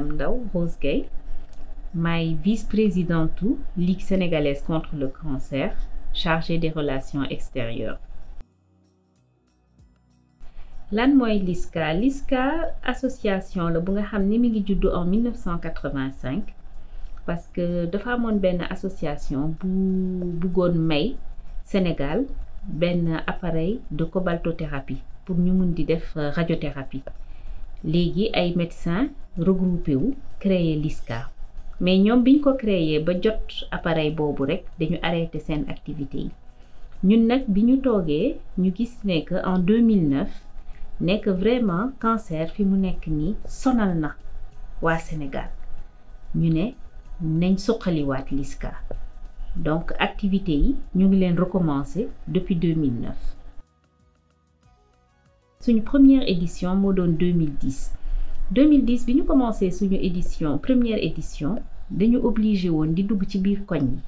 Madame Ndaw Rose Gueye maay vice-présidente Ligue sénégalaise contre le cancer chargée des relations extérieures lan mooy LISCA LISCA association la bu nga xam ne mi ngi juddu en 1985 parce que dafa amoon benn association bu bëggoon may Sénégal benn appareil de cobaltothérapie pour ñu mun di def radiothérapie léegi ay médecins regroupé wu créer LISCA mais ñoom biñ ko créer ba jot appareil boobu rek dañu arrêté seen activité yi ñun nag bi ñu toogee ñu gis ne que en 2009 nekk vraiment cancer fi mu nekk nii sonal na waa Sénégal ñu ne nañ suqaliwaat LISCA donc activité yi ñu ngi leen recommencer depuis 2009. suñu première édition moo doon 2010 2010 bi ñu commencé suñu édition première édition dañu obligé woon di dugg ci biir koñ yi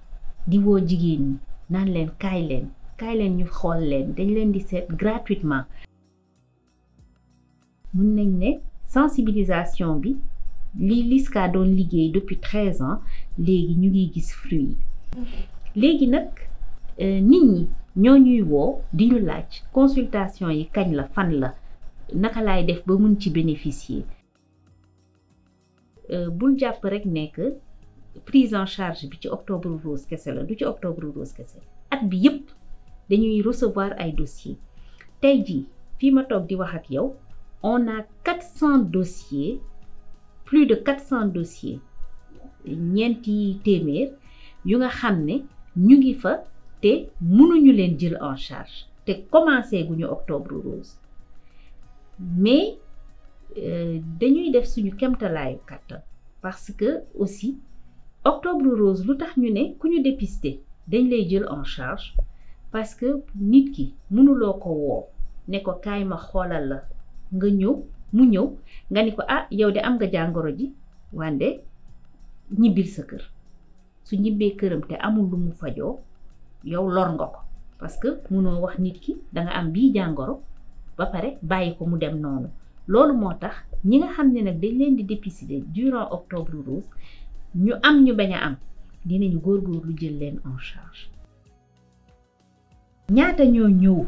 di woo jigéen ñi naan leen kaay leen kaay leen ñu xool leen dañ leen di seet gratuitement mu nañ ne sensibilisation bi li Liska doon liggéey depuis 13 ans léegi ñu ngi gis fruit yi mm-hmm. léegi nag euh, nit ñi ñoo ñuy woo di ñu laaj consultation yi kañ la fan la naka laay def ba mun ci bénéficier euh, bul jàpp rek nekk prise en charge bi ci octobre rose kese la du ci octobre rose kese at bi yépp dañuy recevoir ay dossiers tey jii fii ma toog di wax ak yow on a 400 dossiers plus de 400 ñeenti téeméer yu nga xam ne ñu ngi fa. te mënuñu leen jël en charge te commencé gu ñu octobre rose mais euh, dañuy def suñu kemtalaayu kàttan parce que aussi octobre rose lu tax ñu ne ku ñu dépister dañ lay jël en charge parce que nit ki mënuloo ko woo ne ko kaay ma xoolal la nga ñëw mu ñëw nga ni ko ah yow de am nga jàngoro ji wande ñibbil sa kër su ñibbee këram te amul lu mu fajoo yow lor nga ko parce que munoo wax nit ki da am bii jàngoro ba pare bàyyi ko mu dem noonu loolu moo tax ñi nga xam ne nag dañ leen di dépister durant octobre rose ñu am ñu bañ a am dinañu góorgóorlu jël leen en ñaata ñoo ñëw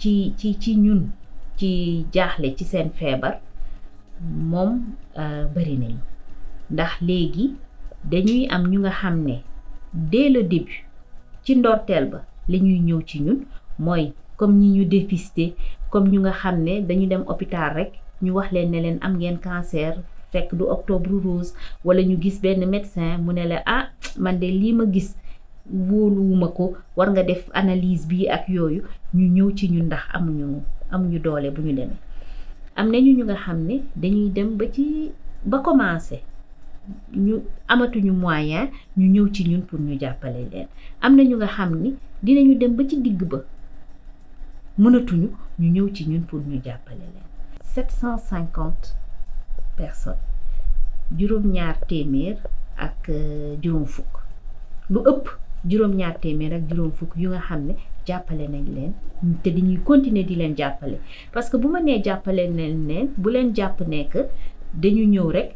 ci ci ci ñun ci jaaxle ci seen feebar moom euh, bari nañu ndax léegi dañuy am ñu nga xam ne dès le début ci ndorteel ba li ñuy ñëw ci ñun mooy comme ñi ñu dépister comme ñu nga xam ne dañu dem hôpital rek ñu wax leen ne leen am ngeen cancer fekk du octobre rose wala ñu gis benn médecin mu ne la ah man de lii ma gis wóoluwuma ko war nga def analyse bii ak yooyu ñu ñëw ci ñun ndax amuñu amuñu doole bu ñu demee am nañu ñu nga xam ne dañuy dem ba ci ba commencé ñu amatuñu moyen ñu ñëw ci ñun pour ñu jàppale leen am na ñu nga xam ni dinañu dem ba ci digg ba mënatuñu ñu ñëw ci ñun pour ñu jàppale leen. 750 personnes juróom-ñaar téeméer ak euh, juróom fukk lu ëpp juróom-ñaar téeméer ak juróom fukk yu nga xam ne jàppale nañ leen te dañuy continuer di leen jàppale parce que bu ma nee jàppale nañ leen bu leen jàpp nekk dañu ñëw rek.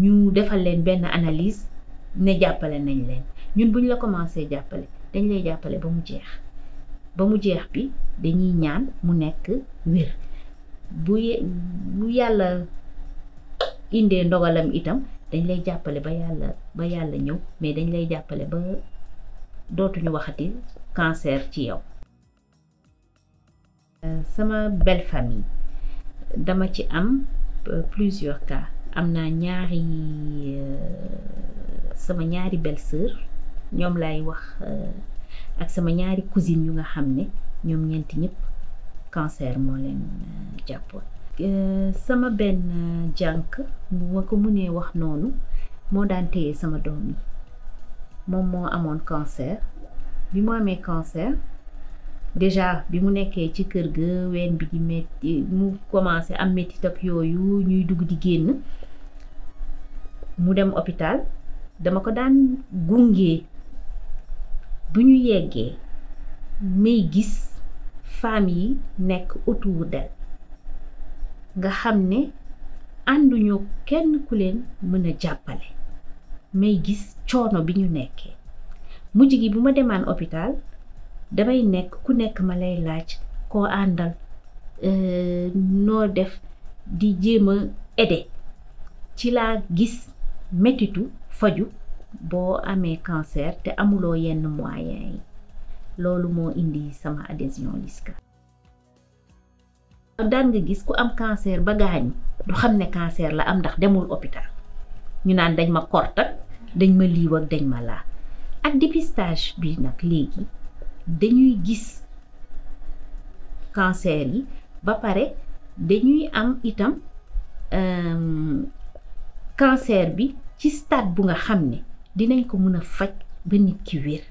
ñu defal leen benn analyse ne jàppale nañ leen ñun bu ñu la commencé jàppale dañ lay jàppale ba mu jeex ba mu jeex bi dañuy ñaan mu nekk wér bu bu yàlla indee ndogalam itam dañ lay jàppale ba yàlla ba yàlla ñëw mais dañ lay jàppale ba dootuñu waxati cancer ci yow euh, sama belle famille dama ci am euh, plusieurs cas am naa ñaari euh, sama ñaari belle ñoom laay wax euh, ak sama ñaari cousine yu nga xam ne ñoom ñeenti ñëpp cancer moo leen euh, jàppoon. sama benn jànq ma ko mënee wax noonu moo daan sama doom moom moo amoon cancer bi mu amee cancer déjà bi mu nekkee ci kër ga ween bi di metti mu commencé am métit ak yooyu ñuy dugg di génn. mu dem hôpital dama ko daan gunge bu ñu yéggee may gis femmes yi nekk autour d'elle nga xam ne ànduñu kenn ku leen mën a jàppale may gis coono bi ñu nekkee mujj gi bu ma demaan hôpital damay nekk ku nekk ma lay laaj koo àndal euh, noo def di jéem a aider ci laa gis métitu faju boo amee cancer te amuloo yenn moyen yi loolu moo indi sama adhésion LISCA daan nga gis ku am cancer ba gaañu du xam ne cancer la am ndax demul hôpital ñu naan dañ ma kort ak dañ ma liiw ak dañ ma laa ak dépistage bi nag léegi dañuy gis cancer yi ba pare dañuy am itam euh, cancer bi ci stade bu nga xam ni dinañ ko mën a faj ba nit ki wér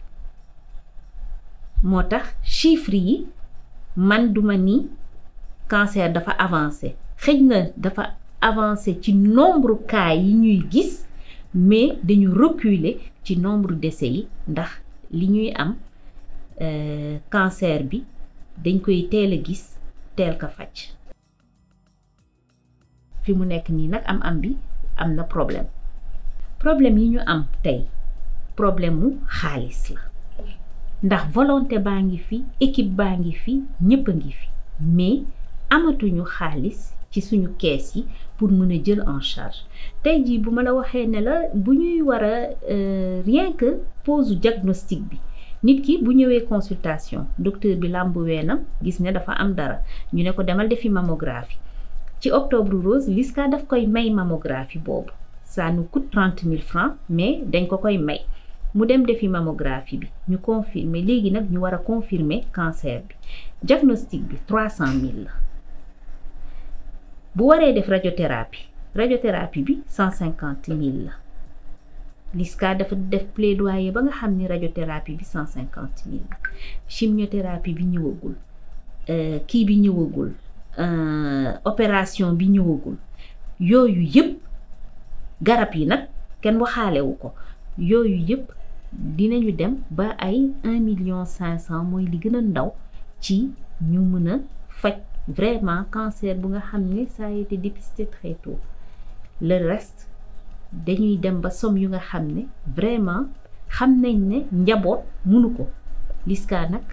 moo tax chiffre yi man duma nii cancer dafa avancé xëj na dafa avancé ci nombre cas yi ñuy gis mais dañu reculer ci nombre décès yi ndax li ñuy am euh, cancer bi dañ koy teel a gis teel ko faj fi mu nekk nii nag am am bi am na problème problème yi ñu am tey problème mu xaalis la ndax volonté baa ngi fi équipe baa ngi fi ñëpp a ngi fi mais amatuñu xaalis ci suñu kees yi pour mën a jël en charge tey jii bu ma la waxee ne la bu ñuy war a euh, rien que pose diagnostic bi nit ki bu ñëwee consultation docteur bi làmb na gis ne dafa am dara ñu ne ko demal defi mammographie ci octobre rose LISCA daf koy may mammographie boobu. ça nous coûte mille francs mais dañ ko koy may mu dem defi mammographie bi ñu confirmer léegi nag ñu war a confirmer cancer bi diagnostic bi trois cent mille la bu waree def radiothérapie radiothérapie bi cent cinquante mille la LISCA dafa def plaidoyer ba nga xam ni radiothérapie bi cent cinquante mille la chimiothérapie bi ñëwagul euh, kii bi ñëwagul euh, opération bi ñëwagul yooyu yëpp. garab yi nag kenn waxaalewu ko yooyu yëpp dinañu dem ba ay un million cinq cent mooy li gën a ndaw ci ñu mën a faj vraiment cancer bu nga xam ne ça a été dépisté très le reste dañuy dem ba som yu nga xam ne vraiment xam nañ ne njaboot mënu ko LISCA nag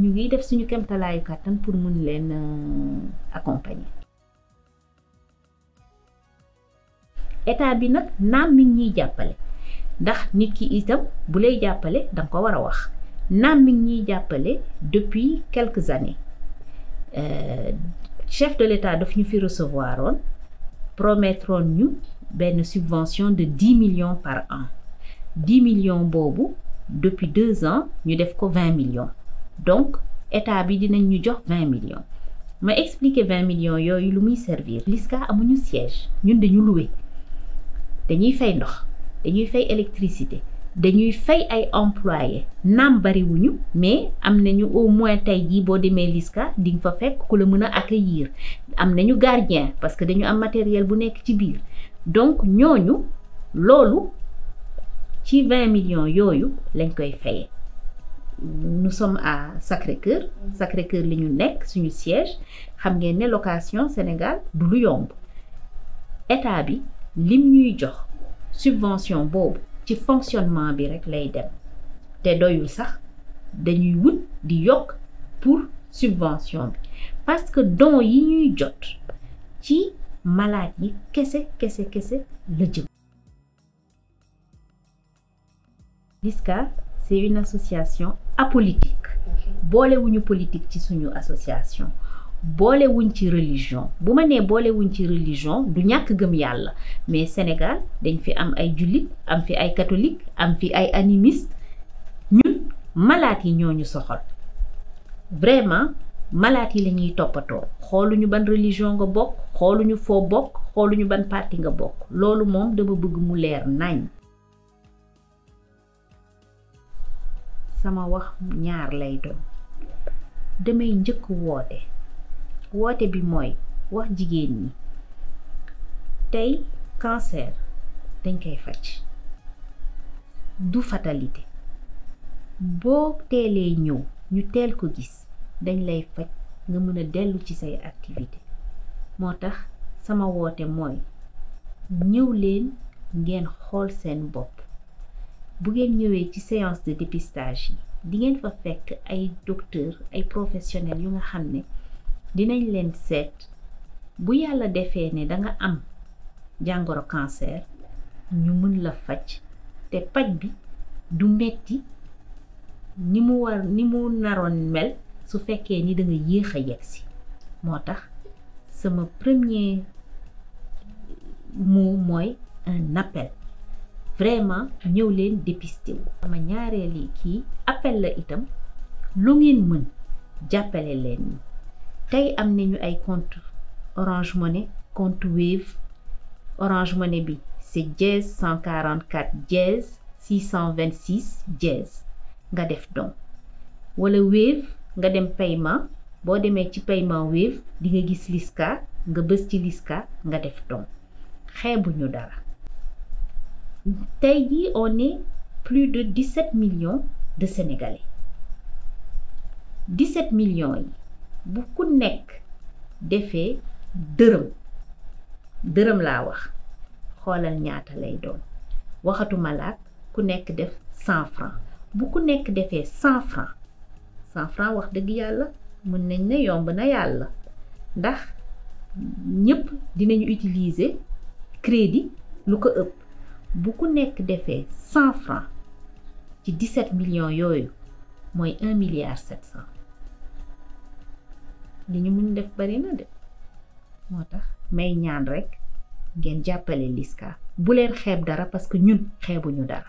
ñu ngi def suñu kemtalaayu kàttan pour mun leen euh, accompagner. état bi nag naam mi ñuy jàppale ndax nit ki itam bu lay jàppale da ko war a wax naam ñuy jàppale depuis quelques années euh, chef de l'état daf ñu fi recevoir oon promettroon ñu benn subvention de dix millions par an dix millions boobu depuis deux ans ñu def ko vingt millions donc état bi dinañ ñu jox vingt millions ma expliquer vingt millions yooyu lu muy servir. LISCA amuñu siège ñun dañu loué. dañuy fay ndox dañuy fay électricité dañuy fay ay employés naam bariwuñu mais am nañu au moins tey jii boo demee Liska di nga fa fekk ku la mën a accueillir am nañu gardien parce que dañu am matériel bu nekk ci biir donc ñooñu loolu ci vingt millions yooyu lañ koy fayee nous sommes à Sacré-Cœur Sacré-Cœur li ñu nekk suñu siège xam ngeen ne location Sénégal du lu yomb état bi lim ñuy jox subvention boobu ci fonctionnement bi rek lay dem te doyul sax dañuy wut di yokk pour subvention bi parce que dons yi ñuy jot ci malaat yi kese kese kese la jëm. LISCA c'est une association apolitique boolewuñu politique ci suñu association. boolewuñ ci religion bu ma nee boolewuñ ci religion du ñàkk gëm yàlla mais Sénégal dañ fi am ay jullit am fi ay katolik am fi ay animiste ñun malaat yi ñoo ñu soxal vraiment malaat yi lañuy ñuy toppatoo xooluñu ban religion nga bokk xooluñu foo bokk xooluñu ban parti nga bokk loolu moom dama bëgg mu leer nañ sama wax ñaar lay doon damay njëkk woote woote bi mooy wax jigéen ñi tey cancer dañ koy faj du fatalité boo teelee ñëw ñu teel ko gis dañ lay faj nga mën a dellu ci say activité moo tax sama woote mooy ñëw ngeen xool seen bopp bu ngeen ñëwee ci séance de dépistage yi di ngeen fa fekk ay docteur ay professionnels yu nga xam ne dinañ leen seet bu yàlla defee ne danga am jàngoro cancer ñu mën la faj te paj bi du metti ni mu war ni mu naroon mel su fekkee ni da nga yéex a yegg moo tax sama premier mu mooy un appel vraiment ñëw leen dépister wu ñaareel ñaareeli kii appel la itam lu ngeen mën jàppale leen ñi tey am nañu ay compte orange money compte wave orange money bi c'est dièse 144 dièse 626 dièse nga def don wala wave nga dem paiement boo demee ci paiement wave di nga gis liska nga bës ci liska nga def don xeebuñu dara tey jii on est plus de 17 millions de sénégalais 17 millions yi bu ku nekk defee dërëm dërëm laa wax xoolal ñaata lay doon waxatuma laak ku nekk def cent franc bu ku nekk defee cent franc cent wax dëgg yàlla mën nañ ne yomb na yàlla ndax ñëpp dinañu utiliser crédit lu ko ëpp bu ku nekk defee cent franc ci dix-sept millions yooyu mooy un milliard sept li ñu mun def bari de moo tax may ñaan rek ngeen jàppale Liska bu leen xeeb dara parce que ñun xeebuñu dara.